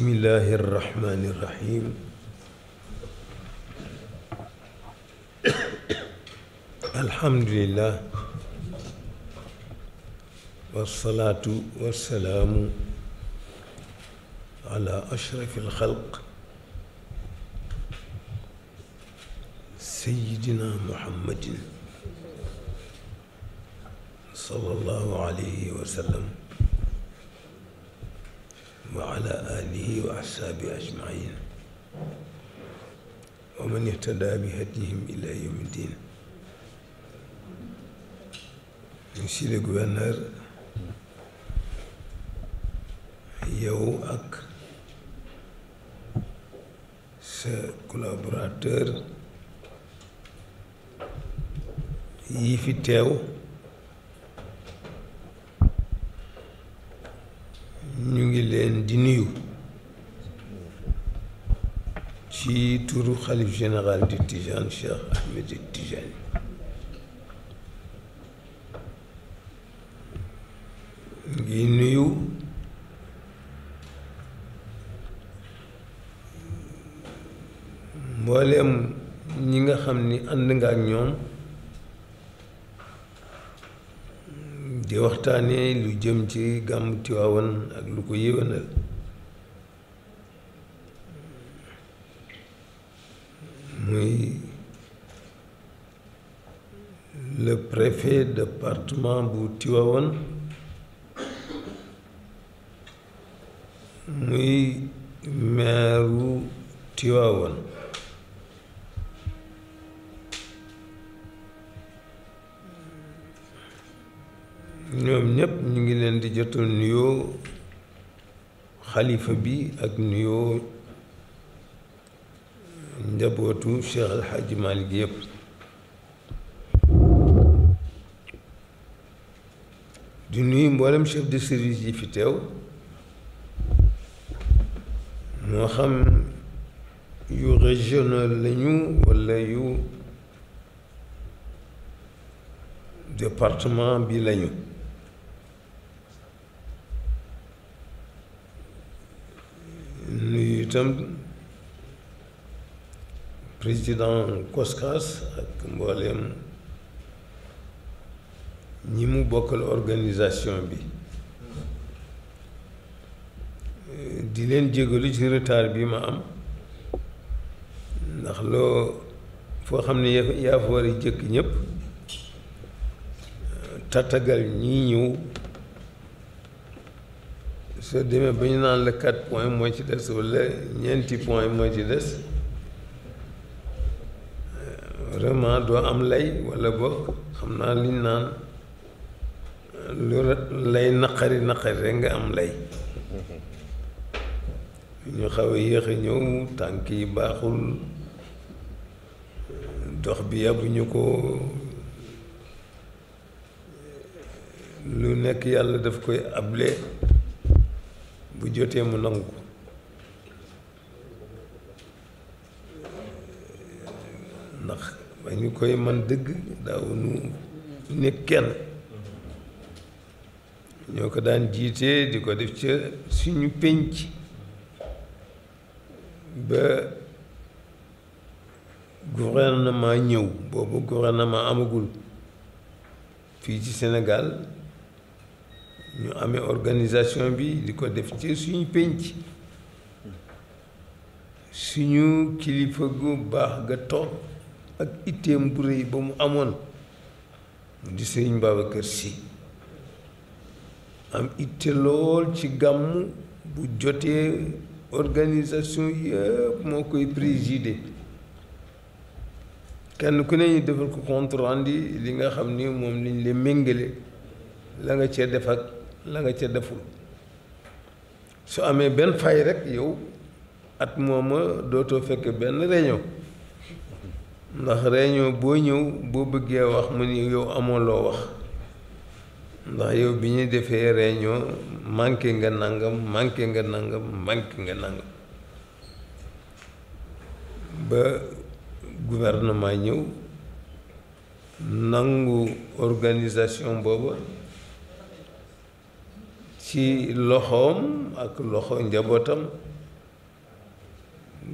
bismillahi arrahmani irrahim alhamdulillah wassalaatu wassalaamu ala ashrafi alxalq sayidina muhammadin sallallahu alayhi wa sallam wa ala alihi wa ashaabihi ajmain wa man ihtada bi hadihim ila yawmi din monsieur le gouverneur yow ak sa collaborateur yi fi teew ñu ngi leen di nuyu ci turu xalif général di Tijaan Cheikh Ahmed Tijaan waxtaanee lu jëm ci gàmmu Tiwaawan ak lu ko yéwénal muy le préfet bu Tiwaawan muy maire Tiwaawan ñoom ñëpp ñu ngi leen di jotal nuyoo xalifa bi ak nuyoo njabootu Cheikh El Hadj Malick yëpp di nuyu mboolem chef de service yi fi teew moo xam yu régional lañu walla yu département bi lañu itam président COSCAS ak mbooleem ñi mu bokkal organisation bi di leen jégalu ci retard bi ma am ndax loo foo xam ne yaa fa war a jëkk ñëpp tàttagal ñii ñëw soo demee ba ñu naan la quatre points mooy ci des wala ñeenti points mooy ci des vraiment doo am lay walla boog xam naa liñ naan lu lay naqari naqari rek nga am lay ñu xaw a yéex a ñëw tànk yi baaxul dox bi yàbbuñu ko lu nekk yàlla daf koy able bu jotee mu nangu ko ndax ba ñu koy man dëgg daaw nu nekk kenn ñoo ko daan jiite di ko def ca suñu pénc ba gouvernement ñëw boobu gouvernement amagul fii ci Sénégal ñu amee organisation bi di ko def ci suñu pénc suñu kilifa gu baax ga toog ak itteem bu rëy ba mu amoon mu di sëriñ kër Sy am itte lool ci gàmm bu jotee organisation yëpp moo koy présider kenn ku ne ñu defal ko compte rendu li nga xam ni moom lañ le méngale la nga cee def ak la nga ca deful su amee benn fay rekk yow at mooma dootoo fekk benn réunion ndax réunion boo ñëw boo bëggee wax mu ni yow amoo loo wax ndax yow bi ñuy defee réunion manqué nga nangam manqué nga nangam manqué nga nangam ba gouvernement ñëw nangu organisation boobu ci loxoom ak loxo njabootam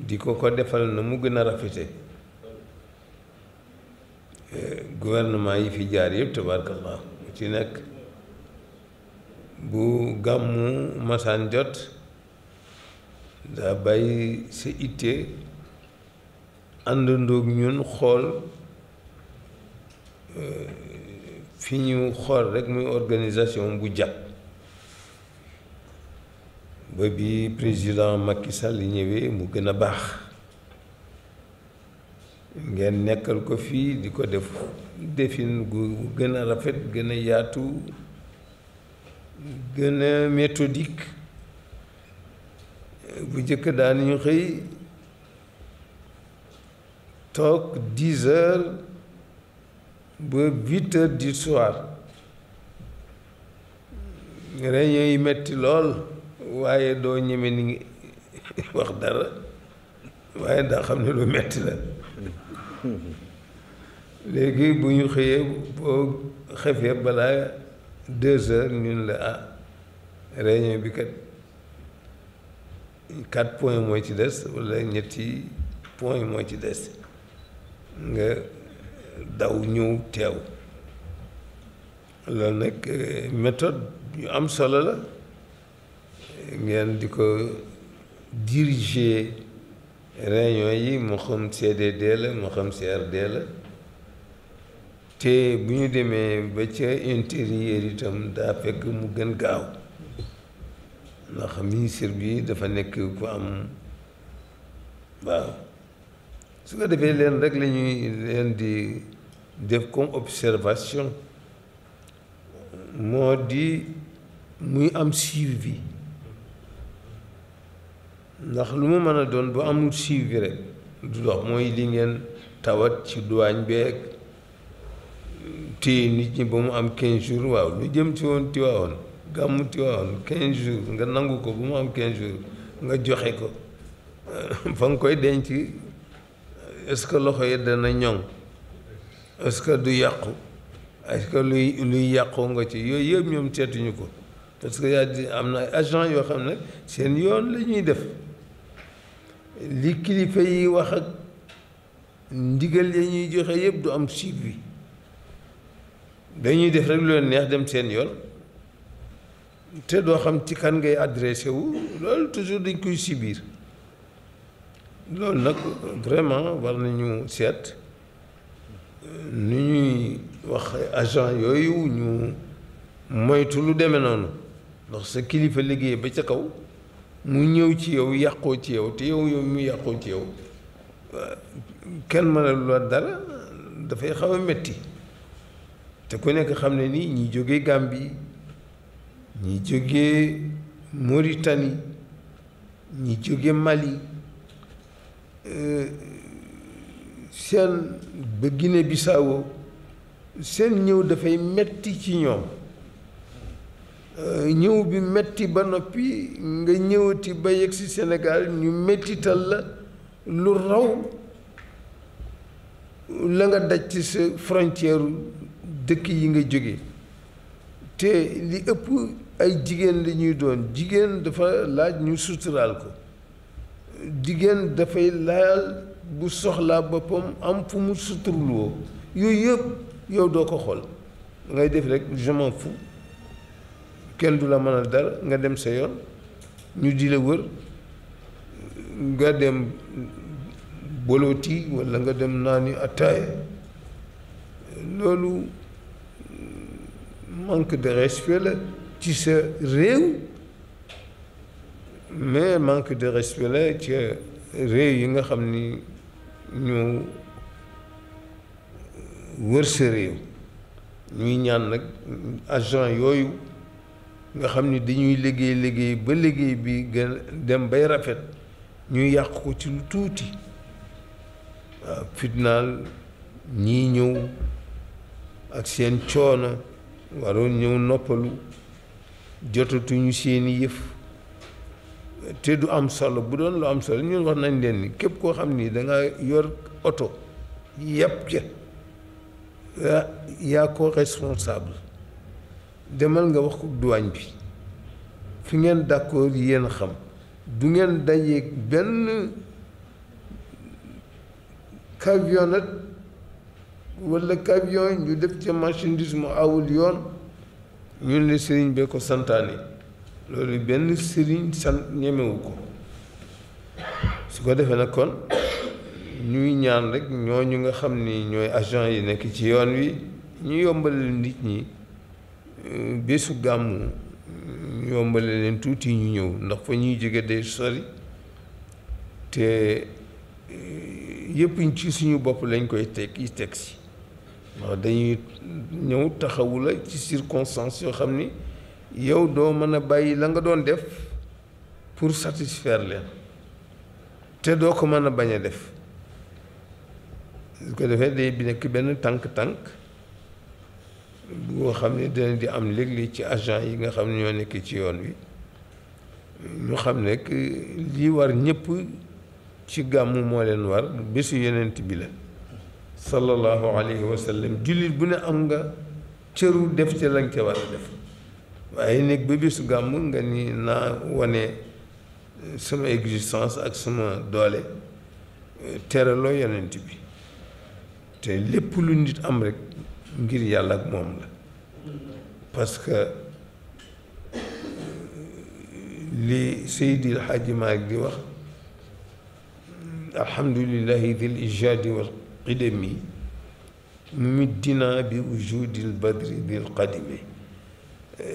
di ko ko defal na mu gën a rafete eh, gouvernement yi fi jaar yëpp tabaarkallah mu ci nekk bu gàmmu masaan jot daa bàyyi sa itte àndandoog ñun xool eh, fi ñu xool rekk muy organisation bu jàpp ba bi président Macky Sall ñëwee mu gën a baax ngeen nekkal ko fii di ko def defin gu gën a rafet gën a yaatu gën a méthodique bu jëkk daan ñu xëy toog dix heures ba huit heures du yi metti lool waaye doo ñeme ni ngi wax dara waaye daa xam ne lu metti la léegi bu ñu xëyee boo xefee balaa deux heures ñun la ah réunion bi kat quatre mooy ci des walla ñetti points mooy ci des nga daw ñëw teew loolu nag eh, méthode yu am solo la ngeen di ko diriger réunion yi mu xam CDD la mu xam CRD la te bu ñu demee ba ca intérieur itam daa fekk mu gën gaaw ndax ministre bi dafa nekk ku am waaw su ko defee leen rek la ñuy leen di def comme observation moo di muy am suivi ndax lu mu mën a doon bu amul suivi rek du dox mooy li ngeen tawat ci duwaañ beeg téye nit ñi ba mu am quinze jours waaw lu jëm ci woon Tiwaawoon gàmmu Tiwaawoon quinze jours nga nangu ko bu mu am quinze jours nga joxe ko fa nga koy denc est-ce que loxo yi dana ñoŋ est-ce que du yàqu est-ce que luy luy yàqoo nga ci yooyu yëpp ñoom seetuñu ko parce que yaa di am na ay agent yoo xam ne seen yoon lañuy def li kilifa yi wax ak ndigal ya ñuy joxe yëpp du am suivi dañuy def rek lu leen neex dem seen yoon te doo xam ci kan ngay adressé wu loolu toujours dañ koy subir loolu nag vraiment war nañu seet nu ñuy wax agent yooyu ñu moytu lu demee noonu ndox sa kilifa liggéey ba ca kaw mu ñëw ci yow yàqoo ci yow te yow yow mu yàqoo ci yow kenn mënalu la dara dafay xaw a metti te ku nekk xam ne ni ñi jógee Gambie ñi jógee Mauritanie ñi jóge Mali euh, seen ba Guinée Bissau seen ñëw dafay metti ci ñoom Euh, ñëw bi metti ba noppi nga ñëwati ba yegg si Sénégal ñu mettital la lu raw la nga daj ci sa frontière dëkk yi nga jóge te li ëpp ay jigéen lañuy doon jigéen dafa laaj ñu suturaal ko jigéen dafay laal bu soxlaa boppam am fu mu suturloo yooyu yëpp yow doo ko xool ngay def rek je m'en kenn du la mën a dara nga dem sa yoon ñu di la wër nga dem boloti walla nga dem naani attaaye loolu manque de respect la ci sa réew mais manque de respect la réew yi nga xam ni ñoo wër sa réew ñuy ñaan nag agent yooyu nga xam ni dañuy liggéey liggéey ba liggéey bi gën dem bay rafet ñu yàq ko ci lu tuuti waaw fitnaal ñii ñëw ak seen coono waroon ñëw noppalu jotatuñu seeni yëf te du am solo bu doon lu am solo ñun wax nañ leen ni képp koo xam ni danga yor oto yàpp ca yaa ko responsable demal nga wax ko duwaañ bi fi ngeen d'accord yéen xam du ngeen dajeeg benn camionnette walla camion ñu def ca marchandise mu awul yoon ñun ne sëriñ bee ko santaane loolu benn sëriñ sant ñemewu ko su ko defee nag kon ñuy ñaan rek ñu nga xam ni ñooy agent yi nekk ci yoon wi ñu yombal nit ñi bésu gàmmu yombale leen tuuti ñu ñëw ndax fa ñuy jóge day sori te yëpp ci suñu bopp lañ koy tekki yi teg si waaw dañuy ñëw taxawula la ci circonstance yoo xam ni yow doo mën a bàyyi la nga doon def pour satisfaire leen te doo ko mën a bañ a def su ko defee day bi nekk benn tànk-tànk bu xam ne dana di am léeg-léeg ci agent yi nga xam ne ñoo nekk ci yoon wi ñu xam ne lii war ñëpp ci gàmm moo leen war bésu yonent bi la sallallahu alayhi wa sallam jullit bu ne am nga cëru def ci lañ ca war a def waaye nekk ba bésu gàmmu nga ni naa wane sama existence ak sama doole teraloo yonent bi te lépp lu nit am rek ngir yàlla ak moom la parce que li Seydil Hadji Malick di wax alhamdulillahi dil ijaadi wal qidami middina bi wujudil badri dil qadimi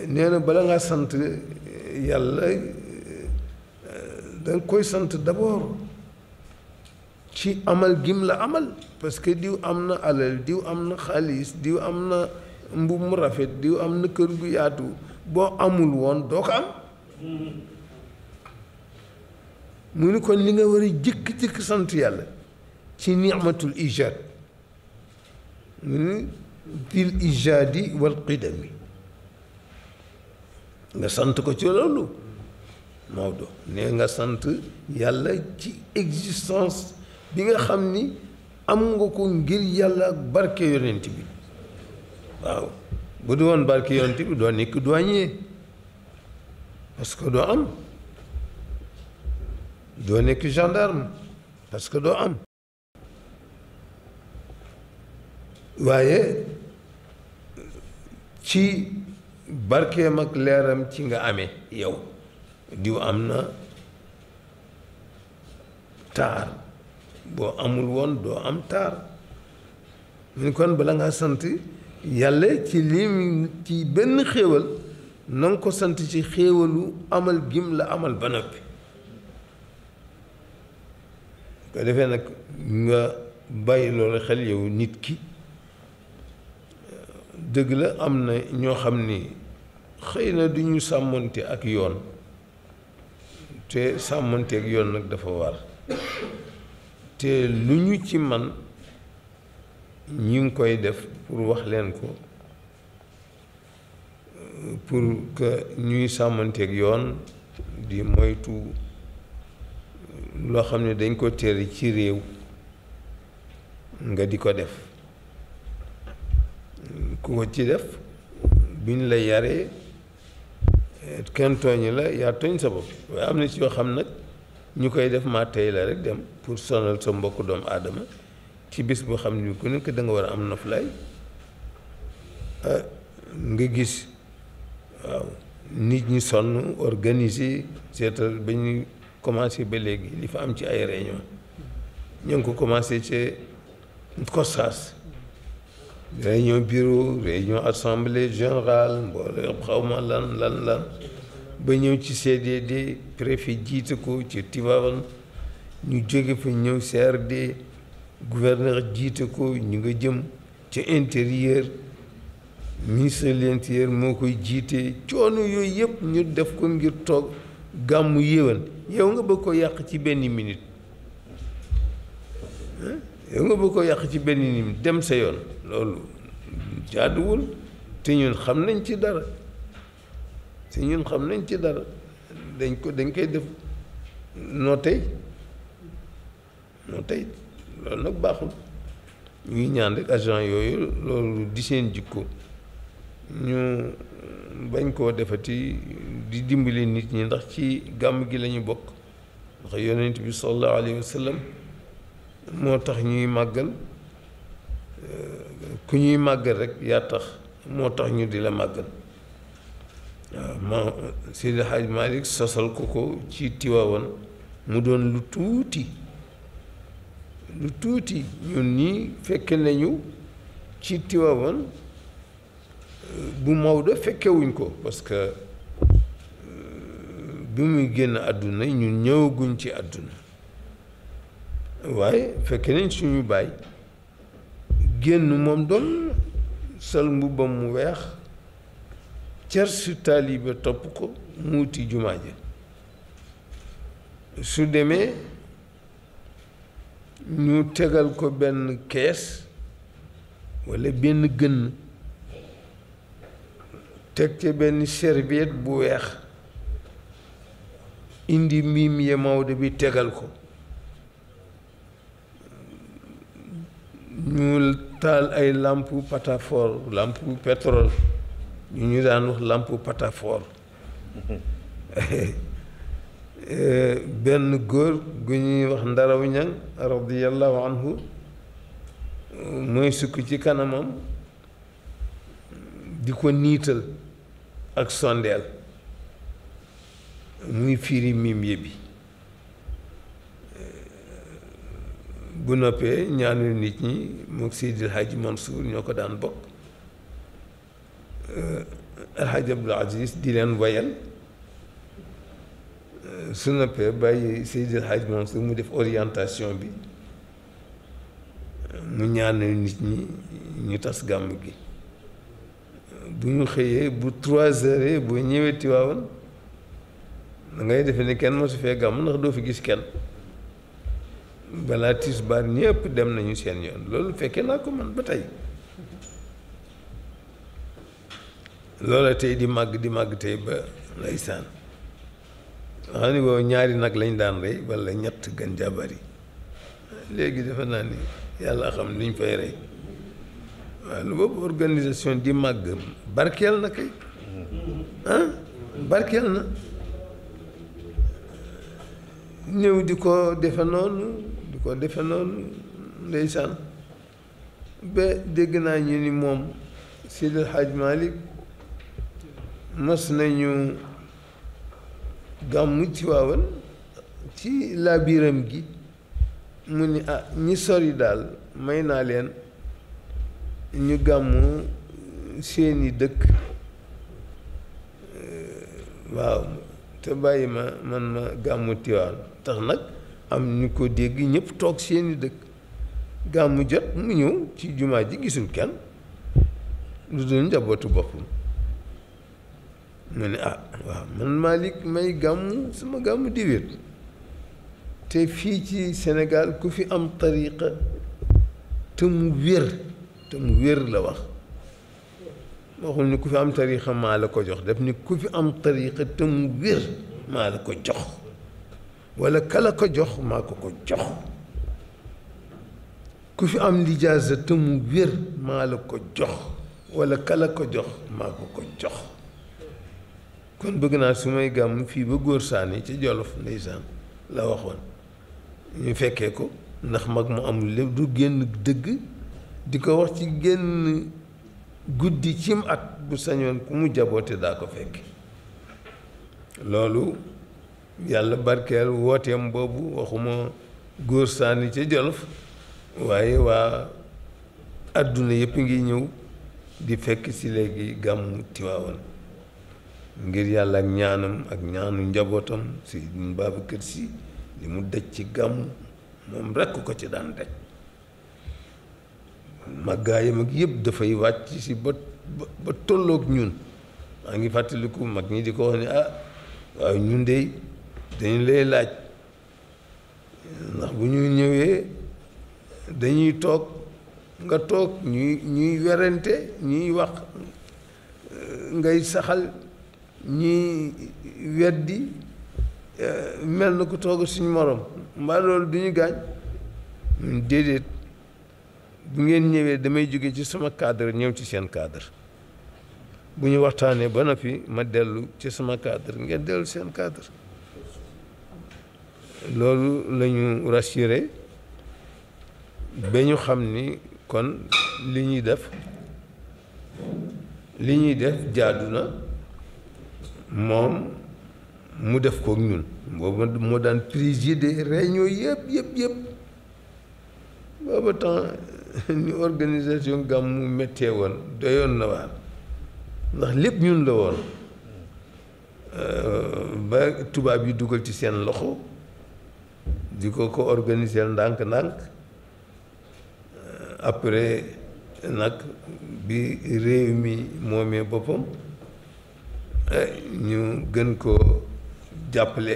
nee na bala ngaa sant yàlla danga koy sant d'abord ci amal gim la amal parce que diw am na alal diw am na xaalis diw am na mbubb mu rafet diw am na kër gu yaatu boo amul woon doo ko am mu ni kon li nga war a jëkk-jëkk sant yàlla ci ni'matul ijaad mu ni dil ijaadi wal qidami nga sant ko ci loolu Maodo nee nga sant yàlla ci existence bi nga xam ni am nga ko ngir yàlla ak barke yonent bi waaw bu du woon barke yonent bi doo nekk douanier parce que doo am doo nekk gendarme parce que doo am waaye ci barkeem ak leeram ci nga ame yow diw am na taar boo amul woon doo am taar mu kon bala nga sant yàlla ci lim ci benn xéewal na ko sant ci xéewalu amal gim la amal ba noppi ko defee nag nga bàyyi loolu xel yow nit ki dëgg la am na ñoo xam ni xëy na du ñu sàmmante ak yoon te sàmmante yoon nag dafa war te lu ñu ci man ñi ngi koy def pour wax leen ko pour que ñuy sàmmanteeg yoon di moytu loo xam ne dañ ko tere ci réew nga di ko def ku ko ci def buñ la yaree kenn tooñ la yaa tooñ sa bopp waaye am na ci yoo xam nag ñu koy def ma tey la rek dem pour sonal sa mbokku doom aadama ci bis boo xam ne ku nekk da nga war a am noflaay ah, nga gis waaw nit ñi sonn organiser seetal ba ñu commencé ba léegi li fa am ci ay réunion ñu ngi ko commencé ci Gossas réunion bureau réunion assemblée générale mbooloo xaw ma lan lan lan ba ñëw ci CDD préfet jiite ko ci Tivaouane ñu jóge fa ñëw CRD gouverneur jiite ko ñu nga jëm ci intérieur ministre de l'intérieur moo koy jiite coono yooyu yëpp ñu def ko ngir toog gàmmu yéwén yow nga bëgg ko yàq ci benn minute yow nga bëgg ko yàq ci benn minute dem sa yoon loolu jaaduwul te ñun xam nañ ci dara te ñun xam nañ ci dara dañ ko dañ koy def noo tey noo tey loolu nag baaxul ñu ngi ñaan rek agent yooyu loolu di seen jikko ñu bañ koo defati di dimbali nit ñi ndax ci gàmm gi lañu bokk ndax yonent bi sallallahu alayhi wa sallam moo tax ñuy màggal ku ñuy màggal rek yaa tax moo tax ñu di la màggal waaw ma Seydi Hadj Malick sosal ko ko ci Tiwaawan mu doon lu tuuti lu tuuti ñun nii fekke nañu ci Tiwaawan bu Maodo fekkewuñ ko parce que euh, bi muy génn àdduna ñun ñëwaguñ ci àdduna waaye fekke nañ suñu baay génn moom doon sol mbubbam mu weex cer su taaliba topp ko mu wuti jumaa ja su demee ñu tegal ko benn kees walla benn gënn teg ca benn serviette bu weex indi miim ya Maodo bi tegal ko ñu taal ay làmpu patafor làmpu petrol ñu ñu daan wax làmpu patafoor benn góor gu ñuy wax ndaraw ñang radiyallahu anhu mooy sukk ci kanamam di ko niital ak sondeel muy fiiri miim yëbi bu noppee ñaanu nit ñi mook Seydil Hadji Mansour ñoo ko daan bokk alxaaji abdul aziz di leen woyal euh, su noppee bàyyi seydi alxaaji Mansour mu def orientation bi euh, mu ñaanal nit ñi ñu tas gàmm gi bu ñu xëyee bu trois heures boo ñëwee Tiwaawan dangay ngay defe ni kenn mosu fee gàmm ndax doo fi gis kenn balaa tisbaar ñëpp dem nañu seen yoon loolu fekkee naa ko man ba tey loola tey di màgg di màgg tey ba ndeysaan xam ni boobu ñaari nag lañ daan rey wala ñett gën jàbari léegi defe naa ni yàlla xam luñ fay rey waaw lu boobu organisation di màgg barkeel na kay ah barkeel na ñëw di ko defe noonu di ko defe noonu ndeysaan ba dégg naa ñu ni moom Seydi El Hadj Malick mas nañu gàmmu Tiwaawan ci laabiram gi mu ni ah ñi sori daal may naa leen ñu gàmmu seeni dëkk waaw te bàyyi ma man ma gàmmu Tiwaawan tax nag am ñu ko dégg ñëpp toog seeni dëkk gàmmu jot mu ñëw ci jumaa ji gisul kenn lu dul njabootu boppum mu ne ah waaw man Malick may gàmmu sama gàmmu diwét te fii ci Sénégal ku fi am tariqa te mu wér te mu wér la wax waxul ni ku fi am tariqa maa la ko jox def ni ku fi am tariqa te mu wér maa la ko jox wala kala ko ku fi am lijaasa te ko jox wala kala ko jox maa ko ko jox kon bëgg naa su may gàmm fii ba góor saani ca jolof ndeysaan la waxoon ñu fekkee ko ndax mag mu amul lépp du génn dëgg di ko wax ci génn guddi cim at bu sañoon ku mu jaboote daa ko fekk loolu yàlla barkeel wooteem boobu waxuma góor sànni ca jolof waaye waa àdduna yëpp ngi ñëw di fekk ci léegi gàmmu Tiwaawan ngir yàlla ak ñaanam ak ñaanu njabootam Sëriñ Babacar si li mu daj ci gàmmu moom rekk ko ci daan daj màggaayam ak yépp dafay wàcc si ba ba tolloog ñun maa ngi fàttaliku mag ñi di ko wax ne ah waaw ñun de dañu lay laaj ndax bu ñuy ñëwee dañuy toog nga toog ñuy ñuy werante ñuy wax eh, ngay saxal ñuy weddi eh, mel na ku toog suñu moroom mbaa loolu du ñu gaañ mun hmm, déedéet bu ngeen ñëwee damay jóge ci sama cadre ñëw ci seen cadre bu ñu waxtaanee ba noppi ma dellu ci sama cadre ngeen dellu seen cadre loolu la ñu rassuré ba ñu xam ni kon li ñuy def li ñuy def jaadu na moom mu def kook ñun boobu moo daan présider ñoo yëpp yëpp yëpp booba temps ni organisation gàmmu méttee woon doyoon na waar ndax lépp ñun la woon euh, ba tubaab yi dugal ci seen loxo di ko ko organiser ndànk-ndànk euh, après nag bi réew mi moomee boppam Eh, ñu gën koo jàppale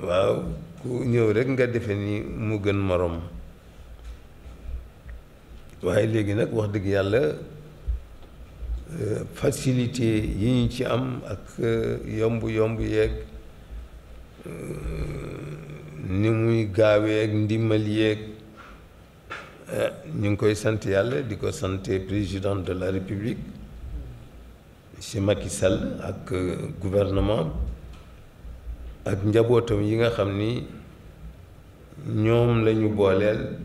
waaw ku ñëw rek nga defe ni mu gën moroom waaye léegi nag wax dëgg yàlla eh, facilité yi ñu ci am ak eh, yomb yomb yeeg ni muy gaawee ak ndimbal yeeg ñu ngi koy sant yàlla di ko sante président de la république ci Macky Sall ak euh, gouvernement ak njabootam yi nga xam ni ñoom lañu ñu booleel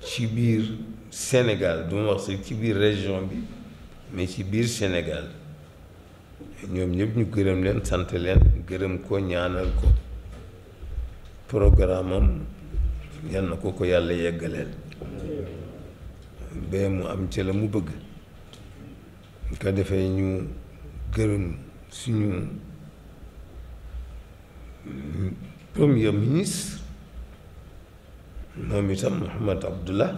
ci biir Sénégal du wax ci biir région bi mais ci biir Sénégal ñoom ñëpp ñu gërëm leen sant leen gërëm ko ñaanal ko programme am yal na ko ko yàlla yeggaleel ba mu am ca la mu bëgg. bu ko defee ñu gërëm suñu premier ministre moom itam Mahammed Abdullah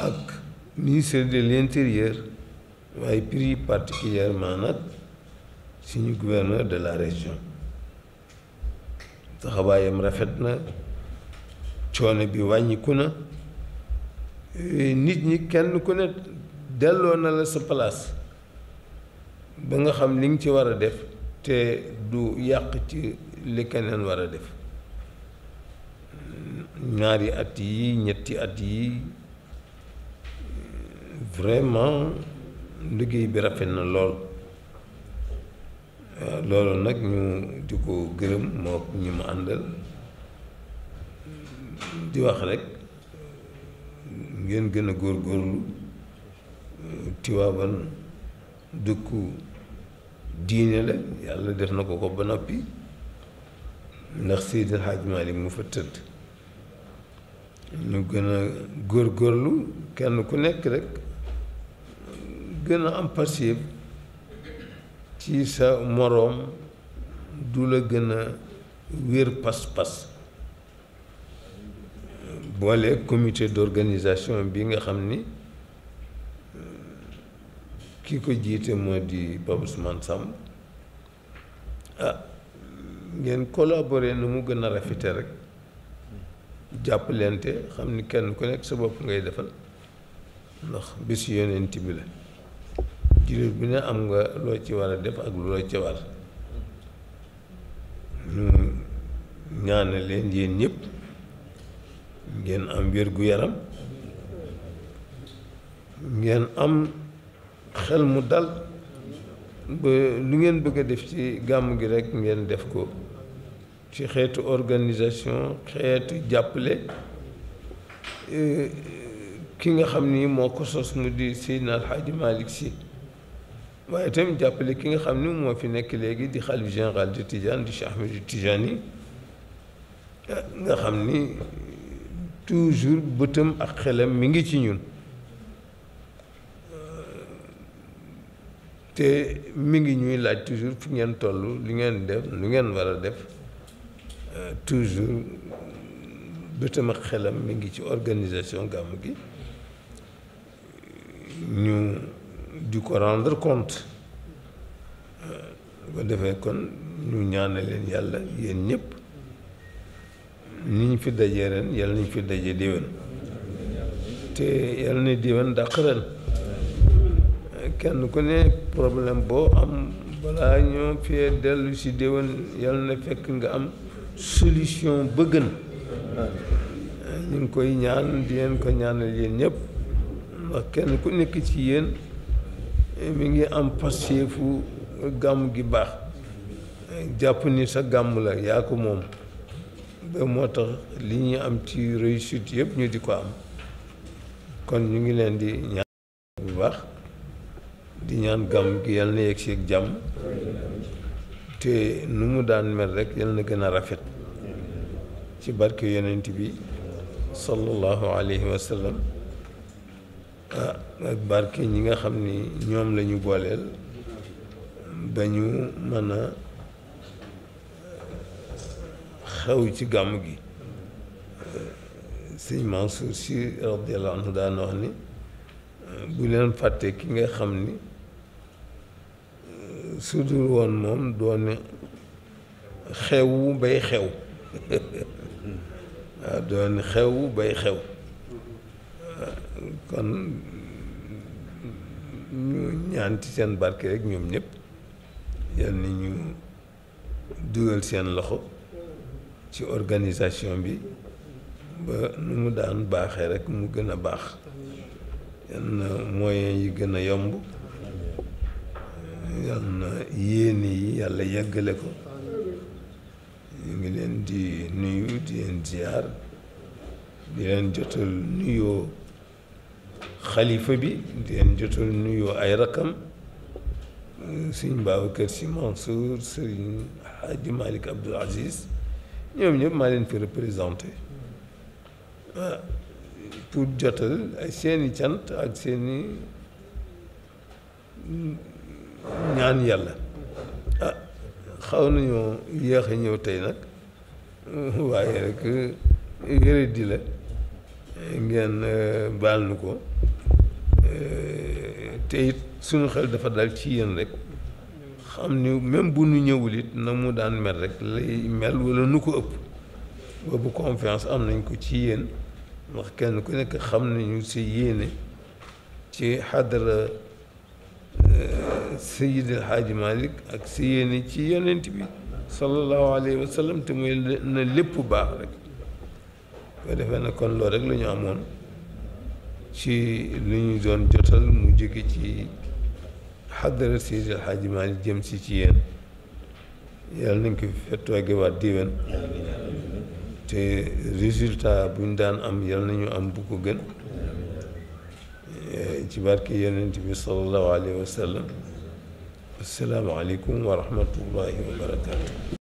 ak ministre de l'intérieur waaye plus particulièrement nag suñu gouverneur de la région taxawaayam rafet na coono bi wàññiku na eh, nit ñi kenn ku delloo na la sa place ba nga xam li nga ci war a def te du yàq ci li keneen war a def ñaari at yi ñetti at yi vraiment liggéey bi rafet na lool waaw loolu nag ñu di ko gërëm moo ñu mu àndal di wax rekk ngeen gën a góorgóorlu Tiwaawan dëkku diine la yàlla def na ko ko ba noppi ndax Seydi Hadj Malick mu fa tëdd ñu gën a góorlu kenn ku nekk rekk gën a am passif ci sa moroom du la gën a wér pas-pas boole comité d'organisation bi nga xam ni ki ko jiite moo di Pape Ousmane Samb ah ngeen collaborer nu mu gën a rafete rek jàppalente xam ni kenn ku nekk sa bopp ngay defal ndax bisu yonent bi la jullit bi ne am nga loo ci war a def ak loo ci war ñu ñaana leen yéen ñëpp ngeen am wér gu yaram ngeen am xel mu dal ba lu ngeen bëgg a def ci gàmm gi rek ngeen def ko ci xeetu organisation xeetu jàppale euh, ki nga xam ni moo ko sos mu di Seydina Alxaaji Malick Sy waaye itam jàppale ki nga xam ni moo fi nekk léegi di xalif général de Tijaan di Cheikh Ahmed Tijaan yi nga xam ni toujours bëtam ak xelam mi ngi ci ñun te mi ngi ñuy laaj toujours fi ngeen tollu li ngeen def lu ngeen war a def euh, toujours bëtama xelam mi ngi ci organisation gàmm gi ñu ju ko rendre compte euh, ba defee kon ñu ñaane leen yàlla yéen ñëpp ni ñu fi dajee ren yàlla nañ fi dajee déwén te yàlla na déwén dàq ren kenn ku ne problème boo am balaa ñoo fee dellu si déwén yàlla na fekk nga am solution ba gën ñu ngi koy ñaan di leen ko ñaanal yéen ñëpp ndax kenn ku nekk ci yéen mu ngi am pasteefu gàmm gi baax jàpp ni sa gàmm la yaa ko moom ba moo tax li ñu am ci réussite yëpp ñu di ko am kon ñu ngi leen di ñaan bu baax di ñaan gàmm gi yàlla na yegg jàmm te nu mu daan mel rekk yàlla na gën a rafet ci barke yonent bi sallallahu alayhi wa ah, ak barke ñi nga xam ni ñoom lañu ñu booleel ba ñu mën a xew ci gàmm gi sëñ Mansour si radiyallahu anhu daan wax ni bu leen fàtte ki nga xam ni su dul woon moom doon xew bay xew waaw doon xew bay xew kon ñu ñaan ci seen barke rek ñoom ñëpp yal na ñu dugal seen loxo ci organisation bi ba nu mu daan baaxee rekk mu gën a baax yenn moyens yi gën a yomb yal na yéene yi yàlla yeggale ko ñu ngi leen di nuyu di leen ziar di leen jotal nuyoo xalifa bi di leen jotal nuyoo ay rakam eh, sëñ Babacar Sy Mansour sëriñ Hadji Malick Abdoul Aziz ñoom ñëpp maa leen fi représenté waaw ah, jotal ay seeni cant ak seeni ñaan yàlla ah xaw nañoo yéex a ñëw tey nag waaye rek yëre di la ngeen eh, baal nu ko eh, te it suñu xel dafa dal ci yéen rek xam ni même bu nu ñëwul it na mu daan mel rek lay mel wala nu ko ëpp boobu confiance am nañ ko ci yéen ndax kenn ku nekk xam nañu si yéene ci xadara Seyid El Hadji ak si yéene ci yonent bi sallallahu alayhi wa sallam te muy na baax rek ko defee na rek la ñu amoon ci lu ñu doon mu jóge ci xadara Seyid El Hadji Malick jëm ci yéen yàlla nañ ko fettooge waat diwen te résultat bu daan am yàlla nañu am bu ko gën ci barke yonent bi sallallahu alayhi wa sallam assalaamu aleykum wa rahmatullahi wa barakaatu